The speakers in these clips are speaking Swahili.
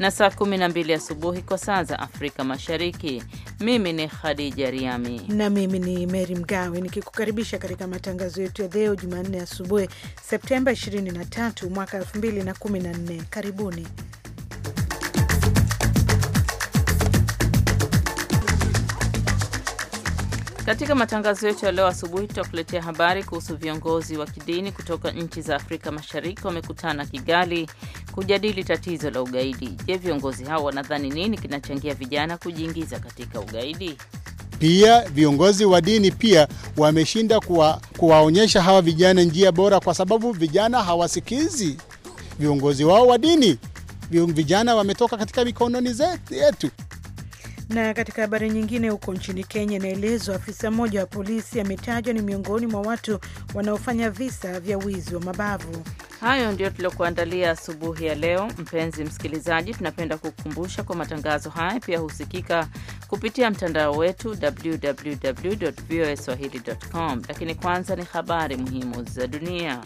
na saa 12 asubuhi kwa saa za Afrika Mashariki. Mimi ni Khadija Riami na mimi ni Meri Mgawe nikikukaribisha katika matangazo yetu ya leo Jumanne asubuhi Septemba 23 mwaka 2014. Karibuni. Katika matangazo yetu ya leo asubuhi tutakuletea habari kuhusu viongozi wa kidini kutoka nchi za Afrika Mashariki wamekutana Kigali kujadili tatizo la ugaidi. Je, viongozi hao wanadhani nini kinachangia vijana kujiingiza katika ugaidi? Pia viongozi wa dini pia wameshinda kuwa, kuwaonyesha hawa vijana njia bora, kwa sababu vijana hawasikizi viongozi wao wa dini. Vijana wametoka katika mikononi yetu. Na katika habari nyingine, huko nchini Kenya inaelezwa afisa mmoja wa polisi ametajwa ni miongoni mwa watu wanaofanya visa vya wizi wa mabavu. Hayo ndio tuliokuandalia asubuhi ya leo. Mpenzi msikilizaji, tunapenda kukukumbusha kwa matangazo haya pia husikika kupitia mtandao wetu www voa swahili com, lakini kwanza ni habari muhimu za dunia.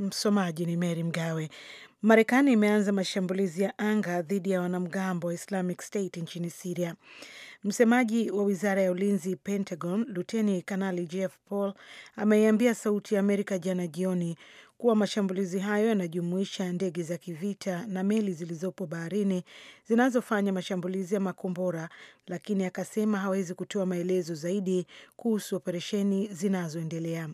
Msomaji ni Mary Mgawe. Marekani imeanza mashambulizi ya anga dhidi ya wanamgambo wa Islamic State nchini Siria. Msemaji wa wizara ya ulinzi Pentagon, luteni kanali Jeff Paul ameiambia Sauti ya Amerika jana jioni kuwa mashambulizi hayo yanajumuisha ndege za kivita na meli zilizopo baharini zinazofanya mashambulizi ya makombora, lakini akasema hawezi kutoa maelezo zaidi kuhusu operesheni zinazoendelea.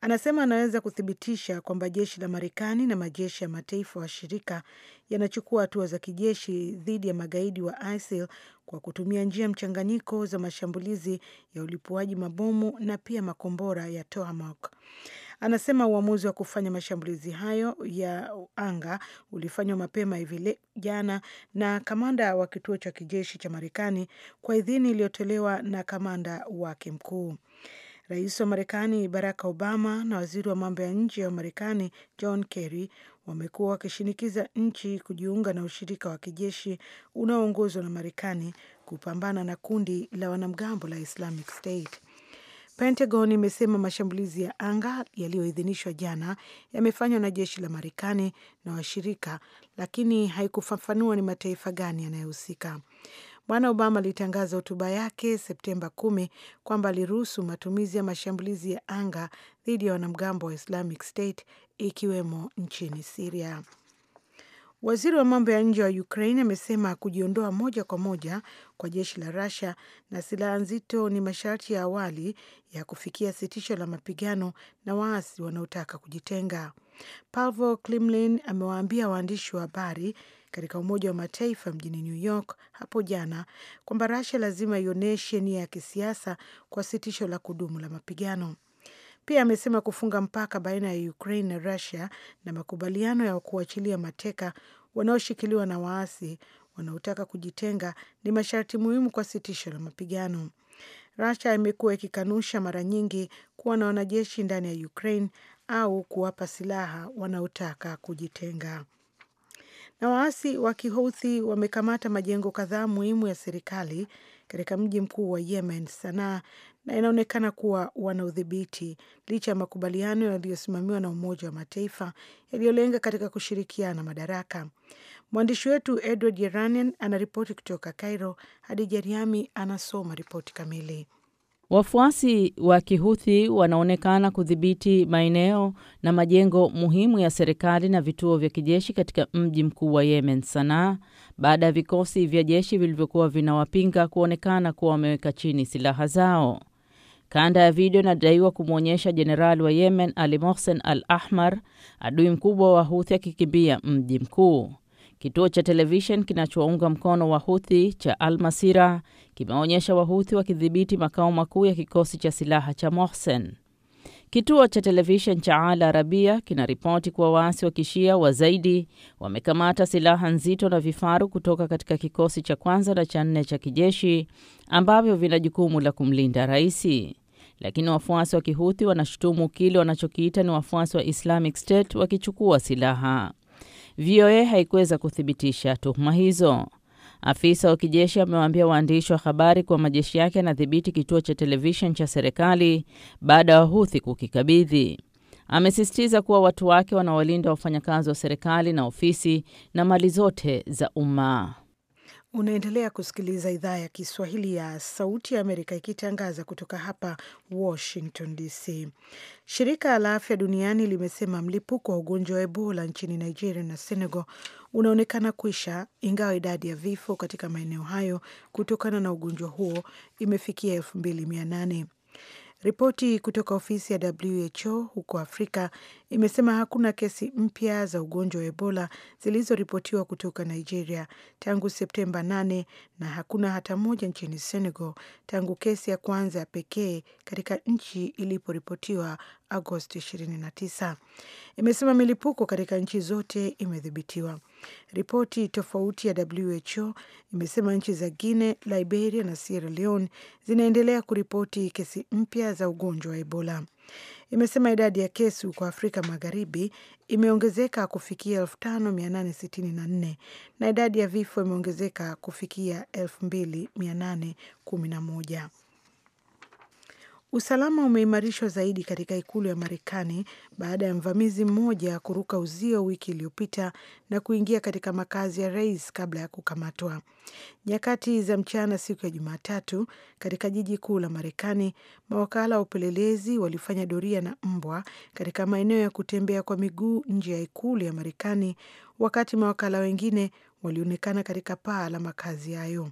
Anasema anaweza kuthibitisha kwamba jeshi la Marekani na majeshi ya mataifa washirika yanachukua hatua za kijeshi dhidi ya magaidi wa ISIL kwa kutumia njia mchanganyiko za mashambulizi ya ulipuaji mabomu na pia makombora ya Tomahawk. Anasema uamuzi wa kufanya mashambulizi hayo ya anga ulifanywa mapema hivi jana na kamanda wa kituo cha kijeshi cha Marekani kwa idhini iliyotolewa na kamanda wake mkuu. Rais wa Marekani Barack Obama na waziri wa mambo ya nje wa Marekani John Kerry wamekuwa wakishinikiza nchi kujiunga na ushirika wa kijeshi unaoongozwa na Marekani kupambana na kundi la wanamgambo la Islamic State. Pentagon imesema mashambulizi ya anga yaliyoidhinishwa jana yamefanywa na jeshi la Marekani na washirika, lakini haikufafanua ni mataifa gani yanayohusika. Bwana Obama alitangaza hotuba yake Septemba kumi kwamba aliruhusu matumizi ya mashambulizi ya anga dhidi ya wanamgambo wa Islamic State ikiwemo nchini Siria. Waziri wa mambo ya nje wa Ukraine amesema kujiondoa moja kwa moja kwa jeshi la Russia na silaha nzito ni masharti ya awali ya kufikia sitisho la mapigano na waasi wanaotaka kujitenga. pavo climlin amewaambia waandishi wa habari katika Umoja wa Mataifa mjini New York hapo jana kwamba rasia lazima ionyeshe nia ya kisiasa kwa sitisho la kudumu la mapigano. Pia amesema kufunga mpaka baina ya Ukraine na Russia na makubaliano ya kuachilia mateka wanaoshikiliwa na waasi wanaotaka kujitenga ni masharti muhimu kwa sitisho la mapigano. rusia imekuwa ikikanusha mara nyingi kuwa na wanajeshi ndani ya Ukraine au kuwapa silaha wanaotaka kujitenga na waasi wa Kihouthi wamekamata majengo kadhaa muhimu ya serikali katika mji mkuu wa Yemen, Sanaa, na inaonekana kuwa wana udhibiti licha ya makubaliano yaliyosimamiwa na Umoja wa Mataifa yaliyolenga katika kushirikiana madaraka. Mwandishi wetu Edward Yeranian anaripoti kutoka Cairo. Hadija Riami anasoma ripoti kamili. Wafuasi wa Kihuthi wanaonekana kudhibiti maeneo na majengo muhimu ya serikali na vituo vya kijeshi katika mji mkuu wa Yemen, Sanaa, baada ya vikosi vya jeshi vilivyokuwa vinawapinga kuonekana kuwa wameweka chini silaha zao. Kanda ya video inadaiwa kumwonyesha jenerali wa Yemen Ali Mohsen Al Ahmar, adui mkubwa wa huthi akikimbia mji mkuu. Kituo cha televishen kinachounga mkono Wahuthi cha Al Masira kimeonyesha Wahuthi wakidhibiti makao makuu ya kikosi cha silaha cha Mohsen. Kituo cha televishen cha Al Arabia kinaripoti kuwa waasi wa kishia wa zaidi wamekamata silaha nzito na vifaru kutoka katika kikosi cha kwanza na cha nne cha kijeshi ambavyo vina jukumu la kumlinda raisi. Lakini wafuasi wa kihuthi wanashutumu kile wanachokiita ni wafuasi wa Islamic State wakichukua silaha. VOA haikuweza kuthibitisha tuhuma hizo. Afisa wa kijeshi amewaambia waandishi wa habari kuwa majeshi yake yanadhibiti kituo cha televishen cha serikali baada ya Wahuthi kukikabidhi. Amesisitiza kuwa watu wake wanawalinda wafanyakazi wa serikali na ofisi na mali zote za umma. Unaendelea kusikiliza idhaa ya Kiswahili ya Sauti ya Amerika ikitangaza kutoka hapa Washington DC. Shirika la Afya Duniani limesema mlipuko wa ugonjwa wa Ebola nchini Nigeria na Senegal unaonekana kuisha, ingawa idadi ya vifo katika maeneo hayo kutokana na ugonjwa huo imefikia elfu mbili mia nane. Ripoti kutoka ofisi ya WHO huko Afrika imesema hakuna kesi mpya za ugonjwa wa Ebola zilizoripotiwa kutoka Nigeria tangu Septemba 8 na hakuna hata moja nchini Senegal tangu kesi ya kwanza ya pekee katika nchi iliporipotiwa Agosti 29. Imesema milipuko katika nchi zote imedhibitiwa. Ripoti tofauti ya WHO imesema nchi za Guinea, Liberia na Sierra Leone zinaendelea kuripoti kesi mpya za ugonjwa wa Ebola imesema idadi ya kesi huko Afrika Magharibi imeongezeka kufikia 5864 na idadi ya vifo imeongezeka kufikia 2811. Usalama umeimarishwa zaidi katika ikulu ya Marekani baada ya mvamizi mmoja kuruka uzio wiki iliyopita na kuingia katika makazi ya rais kabla ya kukamatwa. Nyakati za mchana siku ya Jumatatu, katika jiji kuu la Marekani, mawakala wa upelelezi walifanya doria na mbwa katika maeneo ya kutembea kwa miguu nje ya ikulu ya Marekani, wakati mawakala wengine walionekana katika paa la makazi hayo.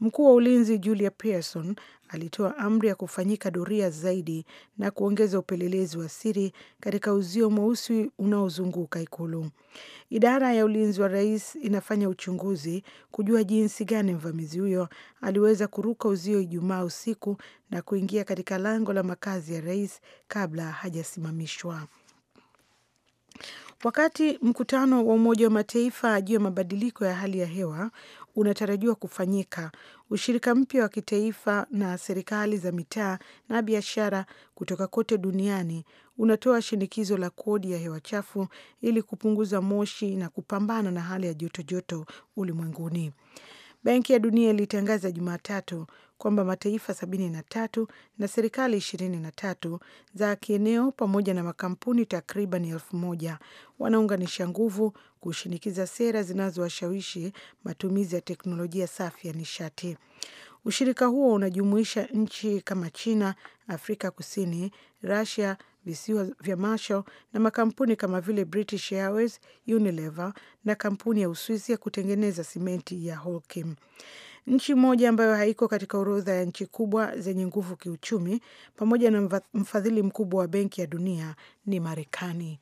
Mkuu wa ulinzi Julia Pearson alitoa amri ya kufanyika doria zaidi na kuongeza upelelezi wa siri katika uzio mweusi unaozunguka Ikulu. Idara ya ulinzi wa rais inafanya uchunguzi kujua jinsi gani mvamizi huyo aliweza kuruka uzio Ijumaa usiku na kuingia katika lango la makazi ya rais kabla hajasimamishwa. Wakati mkutano wa Umoja wa Mataifa juu ya mabadiliko ya hali ya hewa unatarajiwa kufanyika ushirika mpya wa kitaifa na serikali za mitaa na biashara kutoka kote duniani unatoa shinikizo la kodi ya hewa chafu ili kupunguza moshi na kupambana na hali ya jotojoto ulimwenguni. Benki ya Dunia ilitangaza Jumatatu kwamba mataifa sabini na tatu na serikali ishirini na tatu za kieneo pamoja na makampuni takriban elfu moja wanaunganisha nguvu kushinikiza sera zinazowashawishi matumizi ya teknolojia safi ya nishati. Ushirika huo unajumuisha nchi kama China, Afrika Kusini, rusia visiwa vya Marshall na makampuni kama vile British Airways, Unilever na kampuni ya Uswisi ya kutengeneza simenti ya Holcim. Nchi moja ambayo haiko katika orodha ya nchi kubwa zenye nguvu kiuchumi pamoja na mfadhili mkubwa wa Benki ya Dunia ni Marekani.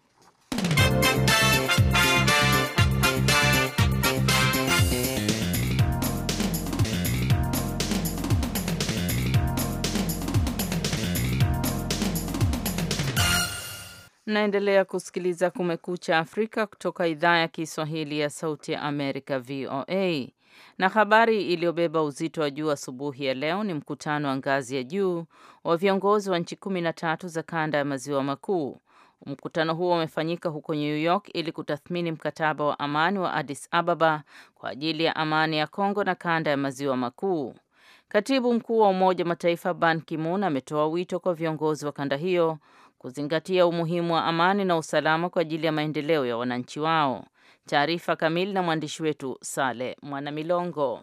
Mnaendelea kusikiliza Kumekucha Afrika kutoka idhaa ya Kiswahili ya Sauti ya Amerika, VOA. Na habari iliyobeba uzito wa juu asubuhi ya leo ni mkutano wa ngazi ya juu wa viongozi wa nchi kumi na tatu za kanda ya maziwa makuu. Mkutano huo umefanyika huko New York ili kutathmini mkataba wa amani wa Addis Ababa kwa ajili ya amani ya Kongo na kanda ya maziwa makuu. Katibu mkuu wa Umoja wa Mataifa Ban Ki-moon ametoa wito kwa viongozi wa kanda hiyo kuzingatia umuhimu wa amani na usalama kwa ajili ya maendeleo ya wananchi wao. Taarifa kamili na mwandishi wetu Sale Mwanamilongo.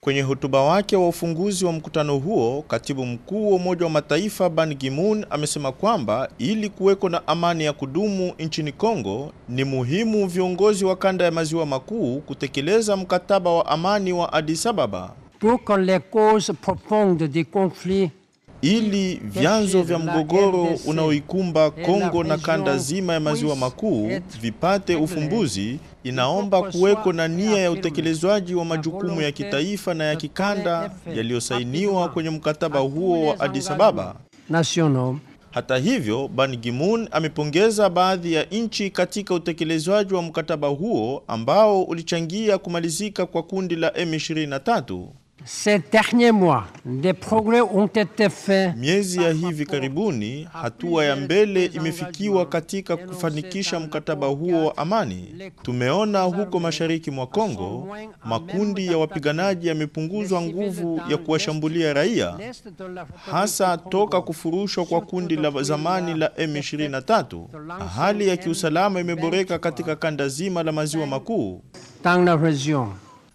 Kwenye hotuba wake wa ufunguzi wa mkutano huo, katibu mkuu wa Umoja wa Mataifa Ban Ki-moon amesema kwamba ili kuweko na amani ya kudumu nchini Kongo ni muhimu viongozi wa kanda ya maziwa makuu kutekeleza mkataba wa amani wa Addis Ababa pour que les causes profondes des conflits ili vyanzo vya mgogoro unaoikumba Kongo na kanda zima ya maziwa makuu vipate ufumbuzi, inaomba kuweko na nia ya utekelezwaji wa majukumu ya kitaifa na ya kikanda yaliyosainiwa kwenye mkataba huo wa Addis Ababa. Hata hivyo, Ban Ki-moon amepongeza baadhi ya nchi katika utekelezwaji wa mkataba huo ambao ulichangia kumalizika kwa kundi la M23. Ces derniers mois, des progrès ont été faits. Miezi ya hivi karibuni, hatua ya mbele imefikiwa katika kufanikisha mkataba huo wa amani. Tumeona huko mashariki mwa Kongo, makundi ya wapiganaji yamepunguzwa nguvu ya kuwashambulia raia, hasa toka kufurushwa kwa kundi la zamani la M23. Hali ya kiusalama imeboreka katika kanda zima la maziwa makuu.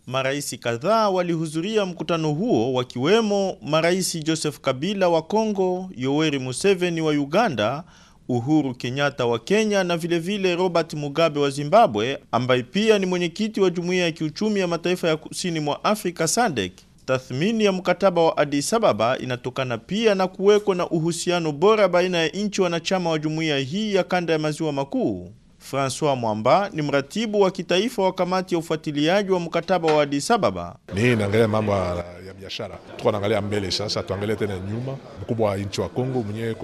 Marais kadhaa walihudhuria mkutano huo wakiwemo marais Joseph Kabila wa Kongo, Yoweri Museveni wa Uganda, Uhuru Kenyatta wa Kenya na vilevile vile Robert Mugabe wa Zimbabwe ambaye pia ni mwenyekiti wa Jumuiya ya Kiuchumi ya Mataifa ya Kusini mwa Afrika SADC. Tathmini ya mkataba wa Addis Ababa inatokana pia na kuweko na uhusiano bora baina ya nchi wanachama wa jumuiya hii ya kanda ya maziwa makuu françois Mwamba ni mratibu wa kitaifa wa kamati ya ufuatiliaji wa mkataba wa Addis Ababa. Ni naangalia mambo ya biashara, tuko naangalia mbele sasa, tuangalie tena nyuma. Mkubwa wa nchi wa Kongo mwenyewe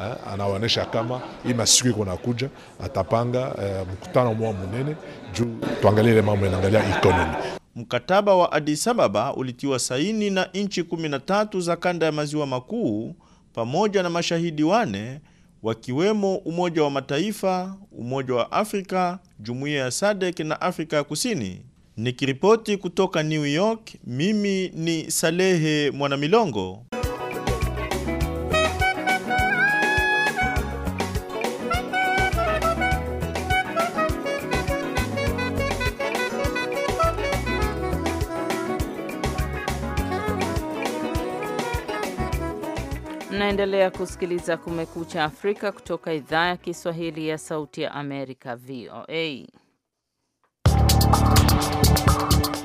eh, anaonesha kama hii masiku iko nakuja atapanga eh, mkutano mwa munene juu tuangalie ile mambo inaangalia economy. Mkataba wa Addis Ababa ulitiwa saini na nchi 13 za kanda ya maziwa makuu pamoja na mashahidi wane wakiwemo Umoja wa Mataifa, Umoja wa Afrika, Jumuiya ya SADC na Afrika ya Kusini. Nikiripoti kutoka New York, mimi ni Salehe Mwanamilongo. Unaendelea kusikiliza Kumekucha Afrika kutoka idhaa ya Kiswahili ya Sauti ya Amerika, VOA.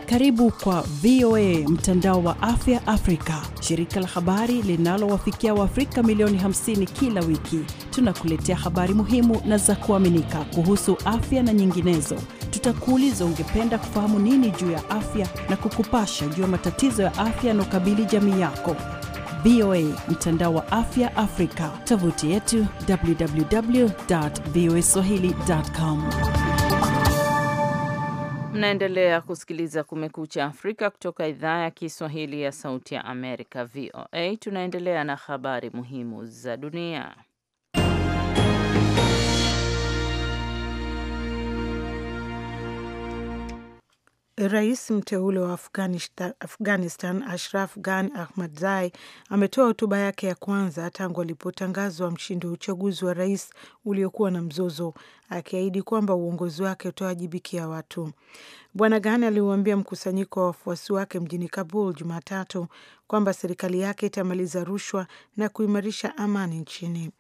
Karibu kwa VOA mtandao wa afya Afrika, shirika la habari linalowafikia Waafrika milioni 50 kila wiki. Tunakuletea habari muhimu na za kuaminika kuhusu afya na nyinginezo. Tutakuuliza, ungependa kufahamu nini juu ya afya, na kukupasha juu ya matatizo ya afya yanaokabili jamii yako. VOA, mtandao wa afya Afrika, tovuti yetu www.voaswahili.com. Mnaendelea kusikiliza Kumekucha Afrika kutoka idhaa ya Kiswahili ya Sauti ya Amerika, VOA. Tunaendelea na habari muhimu za dunia. Rais mteule wa Afghanistan Ashraf Ghani Ahmadzai ametoa hotuba yake ya kwanza tangu alipotangazwa mshindi wa uchaguzi wa rais uliokuwa na mzozo, akiahidi kwamba uongozi wake utawajibikia watu. Bwana Ghani aliuambia mkusanyiko wa wafuasi wake mjini Kabul Jumatatu kwamba serikali yake itamaliza rushwa na kuimarisha amani nchini.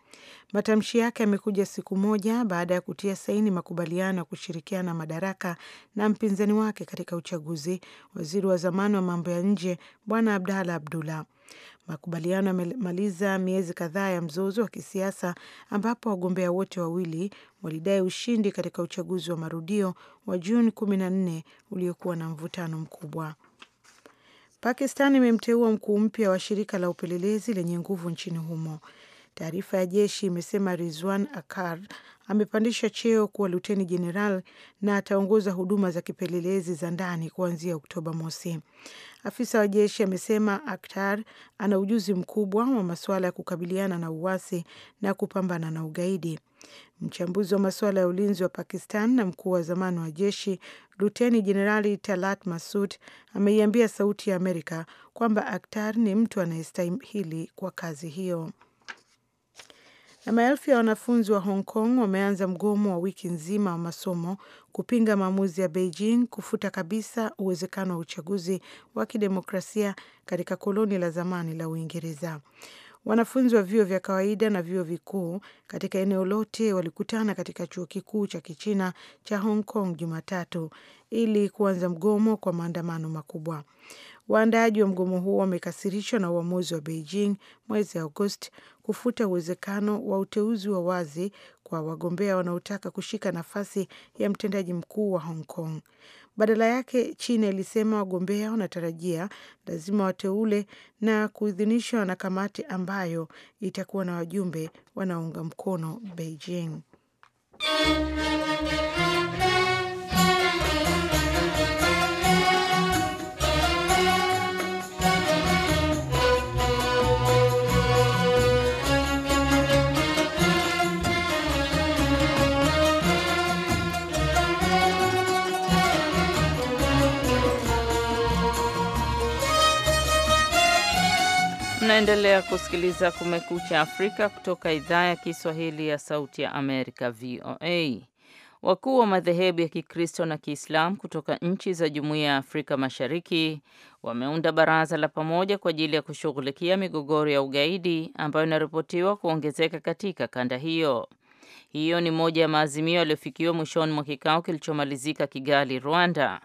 Matamshi yake yamekuja siku moja baada ya kutia saini makubaliano ya kushirikiana madaraka na mpinzani wake katika uchaguzi, waziri wa zamani wa mambo ya nje Bwana Abdalla Abdullah. Makubaliano yamemaliza miezi kadhaa ya mzozo wa kisiasa ambapo wagombea wote wawili walidai ushindi katika uchaguzi wa marudio wa Juni 14 uliokuwa na mvutano mkubwa. Pakistan imemteua mkuu mpya wa shirika la upelelezi lenye nguvu nchini humo. Taarifa ya jeshi imesema Rizwan Akar amepandisha cheo kuwa luteni jeneral na ataongoza huduma za kipelelezi za ndani kuanzia Oktoba mosi. Afisa wa jeshi amesema Aktar ana ujuzi mkubwa wa masuala ya kukabiliana na uwasi na kupambana na ugaidi. Mchambuzi wa masuala ya ulinzi wa Pakistan na mkuu wa zamani wa jeshi Luteni Jenerali Talat Masud ameiambia Sauti ya Amerika kwamba Aktar ni mtu anayestahili kwa kazi hiyo. Na maelfu ya wanafunzi wa Hong Kong wameanza mgomo wa wiki nzima wa masomo kupinga maamuzi ya Beijing kufuta kabisa uwezekano wa uchaguzi wa kidemokrasia katika koloni la zamani la Uingereza. Wanafunzi wa vyuo vya kawaida na vyuo vikuu katika eneo lote walikutana katika chuo kikuu cha Kichina cha Hong Kong Jumatatu ili kuanza mgomo kwa maandamano makubwa. Waandaaji wa mgomo huo wamekasirishwa na uamuzi wa Beijing mwezi Agosti kufuta uwezekano wa uteuzi wa wazi kwa wagombea wanaotaka kushika nafasi ya mtendaji mkuu wa Hong Kong. Badala yake, China ilisema wagombea wanatarajia lazima wateule na kuidhinishwa na kamati ambayo itakuwa na wajumbe wanaounga mkono Beijing. Unaendelea kusikiliza Kumekucha Afrika kutoka idhaa ya Kiswahili ya Sauti ya Amerika, VOA. Wakuu wa madhehebu ya Kikristo na Kiislamu kutoka nchi za Jumuiya ya Afrika Mashariki wameunda baraza la pamoja kwa ajili ya kushughulikia migogoro ya ugaidi ambayo inaripotiwa kuongezeka katika kanda hiyo. Hiyo ni moja ya maazimio yaliyofikiwa mwishoni mwa kikao kilichomalizika Kigali, Rwanda.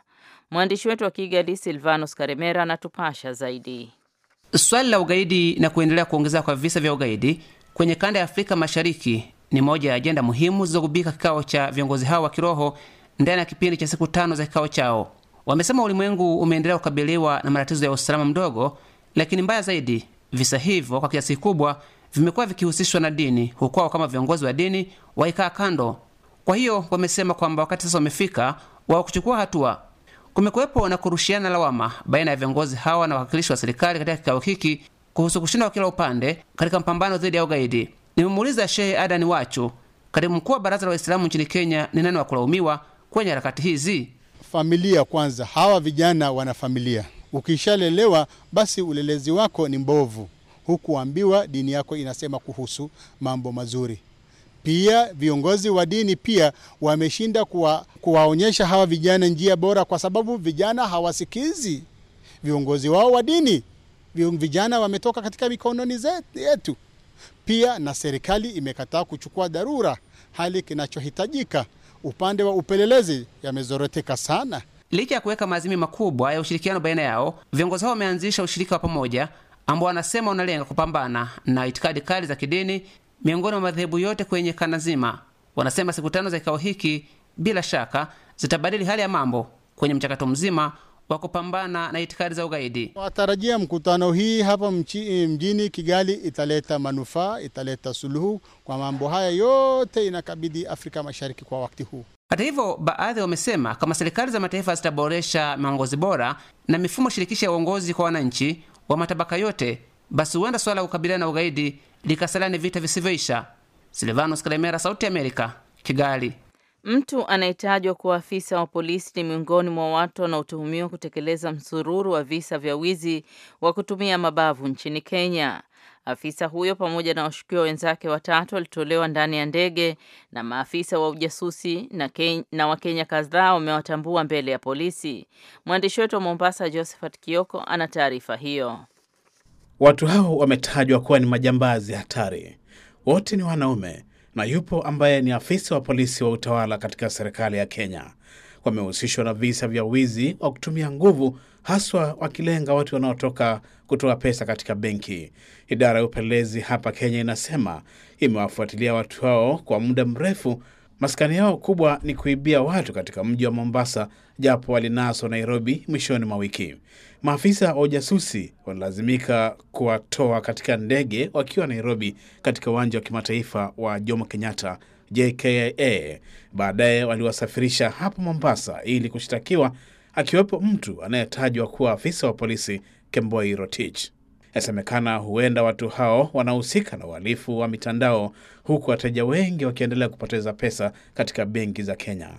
Mwandishi wetu wa Kigali, Silvanos Karemera, anatupasha zaidi. Swali la ugaidi na kuendelea kuongezeka kwa visa vya ugaidi kwenye kanda ya Afrika Mashariki ni moja ya ajenda muhimu zilizogubika kikao cha viongozi hao wa kiroho ndani ya kipindi cha siku tano za kikao chao. Wamesema ulimwengu umeendelea kukabiliwa na matatizo ya usalama mdogo, lakini mbaya zaidi, visa hivyo kwa kiasi kikubwa vimekuwa vikihusishwa na dini, huku wao kama viongozi wa dini waikaa kando. Kwa hiyo wamesema kwamba wakati sasa wamefika wao kuchukua hatua Kumekuwepo na kurushiana lawama baina ya viongozi hawa na wawakilishi wa serikali katika kikao hiki kuhusu kushindwa kila upande katika mpambano dhidi ya ugaidi. Nimemuuliza Shehe Adani Wachu, katibu mkuu wa Baraza la Waislamu nchini Kenya, ni nani wa kulaumiwa kwenye harakati hizi? Familia kwanza. Hawa vijana wana familia. Ukishalelewa basi ulelezi wako ni mbovu, hukuambiwa dini yako inasema kuhusu mambo mazuri. Pia viongozi wa dini pia wameshinda kuwa, kuwaonyesha hawa vijana njia bora, kwa sababu vijana hawasikizi viongozi wao wa dini. Vijana wametoka katika mikononi yetu. Pia na serikali imekataa kuchukua dharura, hali kinachohitajika upande wa upelelezi yamezoroteka sana. Licha ya kuweka maazimi makubwa ya ushirikiano baina yao, viongozi hao wameanzisha ushirika wa pamoja ambao wanasema unalenga kupambana na itikadi kali za kidini miongoni mwa madhehebu yote kwenye kanda Wanasema siku tano za kikao hiki bila shaka zitabadili hali ya mambo kwenye mchakato mzima wa kupambana na itikadi za ugaidi. Watarajia mkutano hii hapa mchi, mjini Kigali italeta manufaa, italeta suluhu kwa mambo haya yote inakabidhi Afrika Mashariki kwa wakati huu. Hata hivyo, baadhi wamesema kama serikali za mataifa zitaboresha maongozi bora na mifumo shirikishi ya uongozi kwa wananchi wa matabaka yote, basi huenda suala la kukabiliana na ugaidi likasalani vita visivyoisha. Silvanos Kalemera, Sauti ya Amerika, Kigali. Mtu anayetajwa kuwa afisa wa polisi ni miongoni mwa watu wanaotuhumiwa kutekeleza msururu wa visa vya wizi wa kutumia mabavu nchini Kenya. Afisa huyo pamoja na washukiwa wenzake watatu walitolewa ndani ya ndege na maafisa wa ujasusi na, na Wakenya kadhaa wamewatambua mbele ya polisi. Mwandishi wetu wa Mombasa, Josephat Kioko, ana taarifa hiyo. Watu hao wametajwa kuwa ni majambazi hatari. Wote ni wanaume na yupo ambaye ni afisa wa polisi wa utawala katika serikali ya Kenya. Wamehusishwa na visa vya wizi wa kutumia nguvu, haswa wakilenga watu wanaotoka kutoa pesa katika benki. Idara ya upelelezi hapa Kenya inasema imewafuatilia watu hao kwa muda mrefu. Maskani yao kubwa ni kuibia watu katika mji wa Mombasa, japo walinaswa Nairobi mwishoni mwa wiki. Maafisa wa ujasusi wanalazimika kuwatoa katika ndege wakiwa Nairobi, katika uwanja wa kimataifa wa Jomo Kenyatta jka Baadaye waliwasafirisha hapo Mombasa ili kushtakiwa, akiwepo mtu anayetajwa kuwa afisa wa polisi Kemboi Rotich. Inasemekana huenda watu hao wanahusika na uhalifu wa mitandao, huku wateja wengi wakiendelea kupoteza pesa katika benki za Kenya.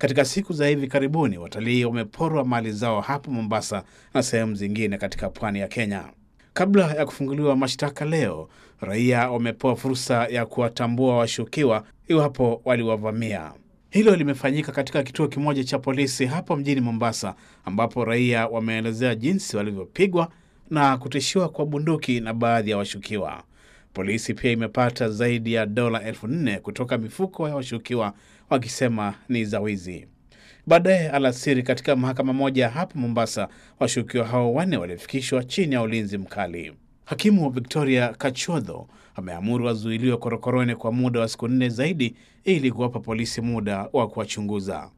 Katika siku za hivi karibuni, watalii wameporwa mali zao hapo Mombasa na sehemu zingine katika pwani ya Kenya. Kabla ya kufunguliwa mashtaka leo, raia wamepewa fursa ya kuwatambua washukiwa iwapo waliwavamia. Hilo limefanyika katika kituo kimoja cha polisi hapo mjini Mombasa, ambapo raia wameelezea jinsi walivyopigwa na kutishiwa kwa bunduki na baadhi ya washukiwa. Polisi pia imepata zaidi ya dola elfu nne kutoka mifuko ya washukiwa wakisema ni za wizi. Baadaye alasiri, katika mahakama moja hapa Mombasa, washukiwa hao wanne walifikishwa chini ya ulinzi mkali. Hakimu Victoria Kachodho ameamuru wazuiliwe korokoroni kwa muda wa siku nne zaidi ili kuwapa polisi muda wa kuwachunguza.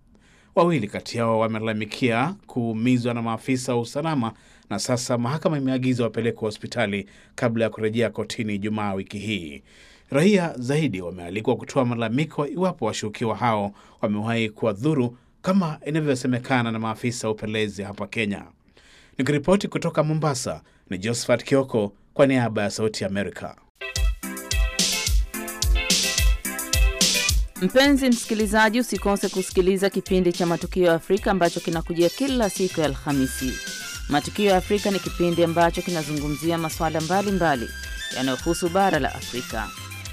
Wawili kati yao wamelalamikia kuumizwa na maafisa wa usalama, na sasa mahakama imeagiza wapelekwa hospitali kabla ya kurejea kotini Ijumaa wiki hii. Raia zaidi wamealikwa kutoa malalamiko iwapo washukiwa hao wamewahi kuwadhuru kama inavyosemekana na maafisa wa upelelezi hapa Kenya. Nikiripoti kutoka Mombasa ni Josephat Kioko kwa niaba ya Sauti ya Amerika. Mpenzi msikilizaji, usikose kusikiliza kipindi cha Matukio ya Afrika ambacho kinakujia kila siku ya Alhamisi. Matukio ya Afrika ni kipindi ambacho kinazungumzia masuala mbalimbali yanayohusu bara la Afrika.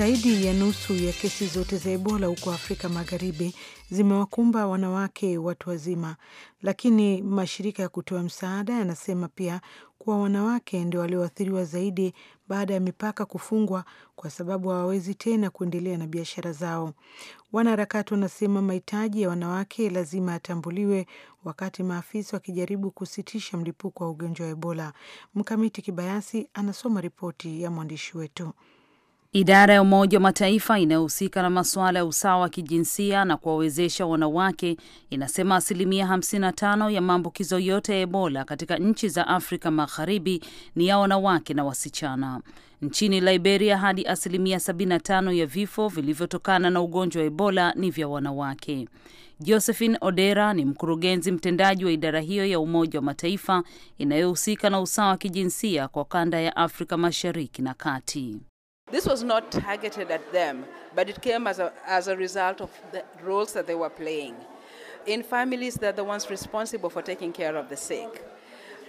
Zaidi ya nusu ya kesi zote za Ebola huko Afrika Magharibi zimewakumba wanawake watu wazima, lakini mashirika ya kutoa msaada yanasema pia kuwa wanawake ndio walioathiriwa zaidi baada ya mipaka kufungwa kwa sababu hawawezi tena kuendelea na biashara zao. Wanaharakati wanasema mahitaji ya wanawake lazima yatambuliwe, wakati maafisa wakijaribu kusitisha mlipuko wa ugonjwa wa Ebola. Mkamiti Kibayasi anasoma ripoti ya mwandishi wetu. Idara ya Umoja wa Mataifa inayohusika na masuala ya usawa wa kijinsia na kuwawezesha wanawake inasema asilimia 55 ya maambukizo yote ya Ebola katika nchi za Afrika Magharibi ni ya wanawake na wasichana. Nchini Liberia hadi asilimia 75 ya vifo vilivyotokana na ugonjwa wa Ebola ni vya wanawake. Josephine Odera ni mkurugenzi mtendaji wa idara hiyo ya Umoja wa Mataifa inayohusika na usawa wa kijinsia kwa kanda ya Afrika Mashariki na Kati. This was not targeted at them, but it came as a, as a result of the roles that they were playing. In families, they're the ones responsible for taking care of the sick.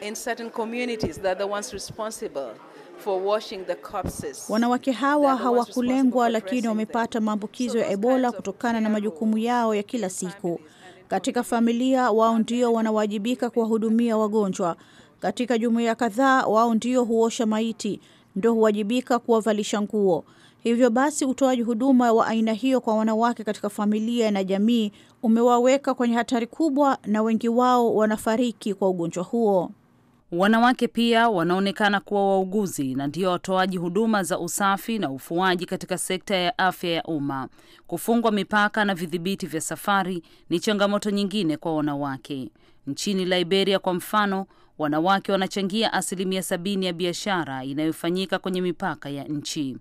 In certain communities, they're the ones responsible for washing the corpses. Wanawake hawa hawakulengwa, lakini wamepata maambukizo ya Ebola kutokana na majukumu yao ya kila siku. Katika familia, wao ndio wanawajibika kuwahudumia wagonjwa. Katika jumuiya kadhaa, wao ndio huosha maiti ndo huwajibika kuwavalisha nguo. Hivyo basi utoaji huduma wa aina hiyo kwa wanawake katika familia na jamii umewaweka kwenye hatari kubwa, na wengi wao wanafariki kwa ugonjwa huo. Wanawake pia wanaonekana kuwa wauguzi na ndio watoaji huduma za usafi na ufuaji katika sekta ya afya ya umma. Kufungwa mipaka na vidhibiti vya safari ni changamoto nyingine kwa wanawake. Nchini Liberia kwa mfano, Wanawake wanachangia asilimia sabini ya biashara inayofanyika kwenye mipaka ya nchi.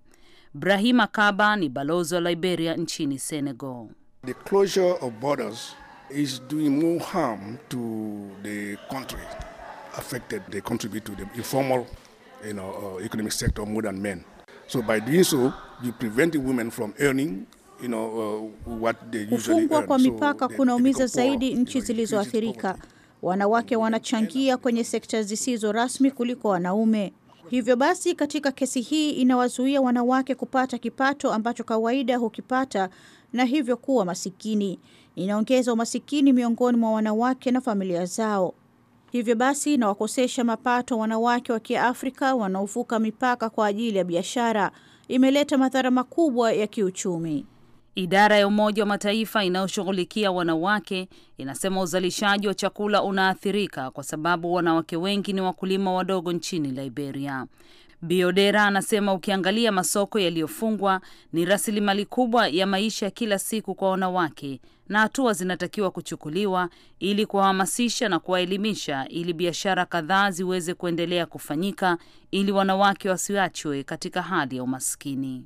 Brahima Kaba ni balozi wa Liberia nchini Senegal. The closure of borders is doing more harm to the country affected. They contribute to the informal you know, uh, economic sector more than men. So by doing so, you prevent the women from earning You know, uh, kufungwa kwa mipaka so kunaumiza zaidi nchi zilizoathirika wanawake wanachangia kwenye sekta zisizo rasmi kuliko wanaume. Hivyo basi, katika kesi hii inawazuia wanawake kupata kipato ambacho kawaida hukipata na hivyo kuwa masikini. Inaongeza umasikini miongoni mwa wanawake na familia zao. Hivyo basi inawakosesha mapato wanawake wa Kiafrika wanaovuka mipaka kwa ajili ya biashara. Imeleta madhara makubwa ya kiuchumi. Idara ya Umoja wa Mataifa inayoshughulikia wanawake inasema uzalishaji wa chakula unaathirika kwa sababu wanawake wengi ni wakulima wadogo nchini Liberia. Biodera anasema ukiangalia masoko yaliyofungwa ni rasilimali kubwa ya maisha ya kila siku kwa wanawake, na hatua zinatakiwa kuchukuliwa ili kuwahamasisha na kuwaelimisha ili biashara kadhaa ziweze kuendelea kufanyika ili wanawake wasiachwe katika hali ya umaskini.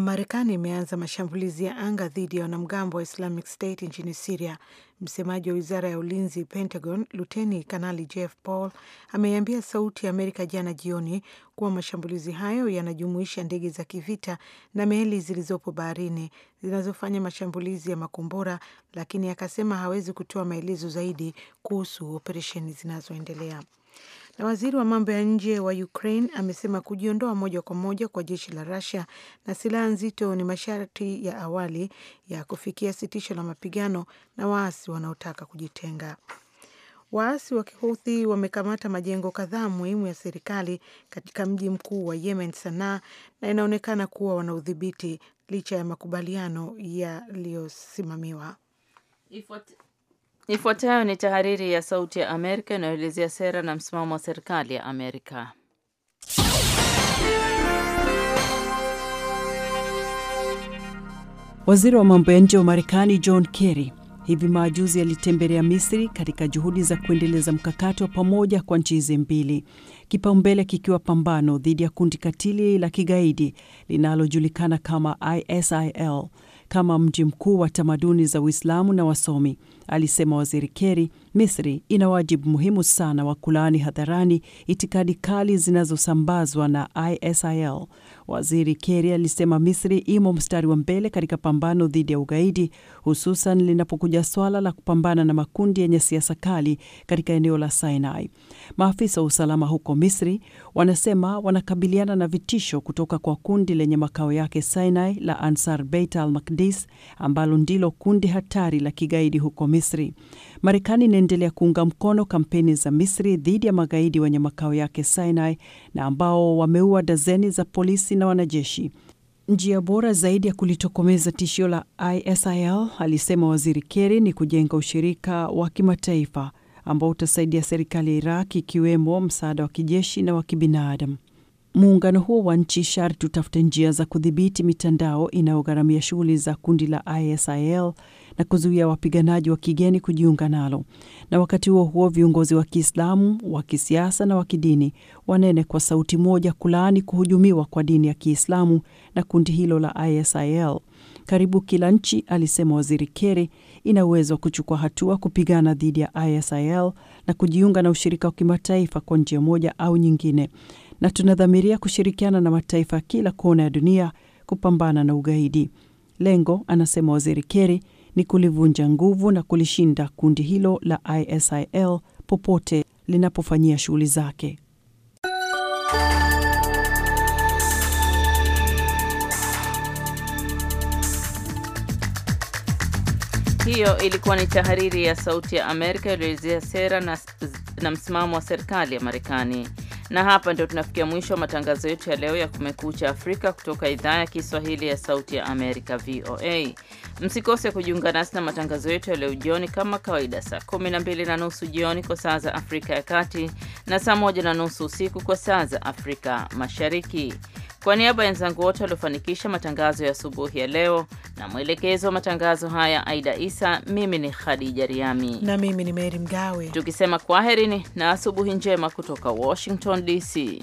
Marekani imeanza mashambulizi ya anga dhidi ya wanamgambo wa Islamic State nchini Siria. Msemaji wa wizara ya ulinzi Pentagon, luteni kanali Jeff Paul ameiambia Sauti ya Amerika jana jioni kuwa mashambulizi hayo yanajumuisha ndege za kivita na meli zilizopo baharini zinazofanya mashambulizi ya makombora, lakini akasema hawezi kutoa maelezo zaidi kuhusu operesheni zinazoendelea. Na waziri wa mambo ya nje wa Ukraine amesema kujiondoa moja kwa moja kwa jeshi la Russia na silaha nzito ni masharti ya awali ya kufikia sitisho la mapigano na waasi wanaotaka kujitenga. Waasi wa Kihuthi wamekamata majengo kadhaa muhimu ya serikali katika mji mkuu wa Yemen, Sanaa, na inaonekana kuwa wanaudhibiti licha ya makubaliano yaliyosimamiwa. Ifuatayo ni tahariri ya Sauti ya Amerika inayoelezea sera na msimamo wa serikali ya Amerika. Waziri wa mambo ya nje wa Marekani John Kerry hivi majuzi alitembelea Misri katika juhudi za kuendeleza mkakati wa pamoja kwa nchi hizi mbili, kipaumbele kikiwa pambano dhidi ya kundi katili la kigaidi linalojulikana kama ISIL kama mji mkuu wa tamaduni za Uislamu na wasomi alisema Waziri Keri. Misri ina wajibu muhimu sana wa kulaani hadharani itikadi kali zinazosambazwa na ISIL. Waziri Keri alisema Misri imo mstari wa mbele katika pambano dhidi ya ugaidi, hususan linapokuja swala la kupambana na makundi yenye siasa kali katika eneo la Sinai. Maafisa wa usalama huko Misri wanasema wanakabiliana na vitisho kutoka kwa kundi lenye makao yake Sinai la Ansar Beit al Makdis, ambalo ndilo kundi hatari la kigaidi huko Misri. Misri. Marekani inaendelea kuunga mkono kampeni za Misri dhidi ya magaidi wenye makao yake Sinai na ambao wameua dazeni za polisi na wanajeshi. Njia bora zaidi ya kulitokomeza tishio la ISIL, alisema Waziri keri ni kujenga ushirika wa kimataifa ambao utasaidia serikali ya Iraq, ikiwemo msaada wa kijeshi na wa kibinadamu. Muungano huo wa nchi sharti utafute njia za kudhibiti mitandao inayogharamia shughuli za kundi la ISIL na kuzuia wapiganaji wa kigeni kujiunga nalo, na wakati huo huo viongozi wa Kiislamu, wa kisiasa na wa kidini wanene kwa sauti moja kulaani kuhujumiwa kwa dini ya Kiislamu na kundi hilo la ISIL. Karibu kila nchi, alisema Waziri Kerry, ina uwezo wa kuchukua hatua kupigana dhidi ya ISIL na kujiunga na ushirika wa kimataifa kwa njia moja au nyingine, na tunadhamiria kushirikiana na mataifa kila kona ya dunia kupambana na ugaidi. Lengo, anasema Waziri Kerry, ni kulivunja nguvu na kulishinda kundi hilo la ISIL popote linapofanyia shughuli zake. Hiyo ilikuwa ni tahariri ya Sauti ya Amerika iliyoelezea sera na, na msimamo wa serikali ya Marekani. Na hapa ndio tunafikia mwisho wa matangazo yetu ya leo ya Kumekucha Afrika kutoka idhaa ya Kiswahili ya Sauti ya Amerika, VOA. Msikose kujiunga nasi na matangazo yetu ya leo jioni kama kawaida, saa kumi na mbili na nusu jioni kwa saa za Afrika ya Kati na saa moja na nusu usiku kwa saa za Afrika Mashariki. Kwa niaba ya wenzangu wote waliofanikisha matangazo ya asubuhi ya leo na mwelekezo wa matangazo haya Aida Isa, mimi ni Khadija Riami na mimi ni Meri Mgawe, tukisema kwaherini na asubuhi njema kutoka Washington DC.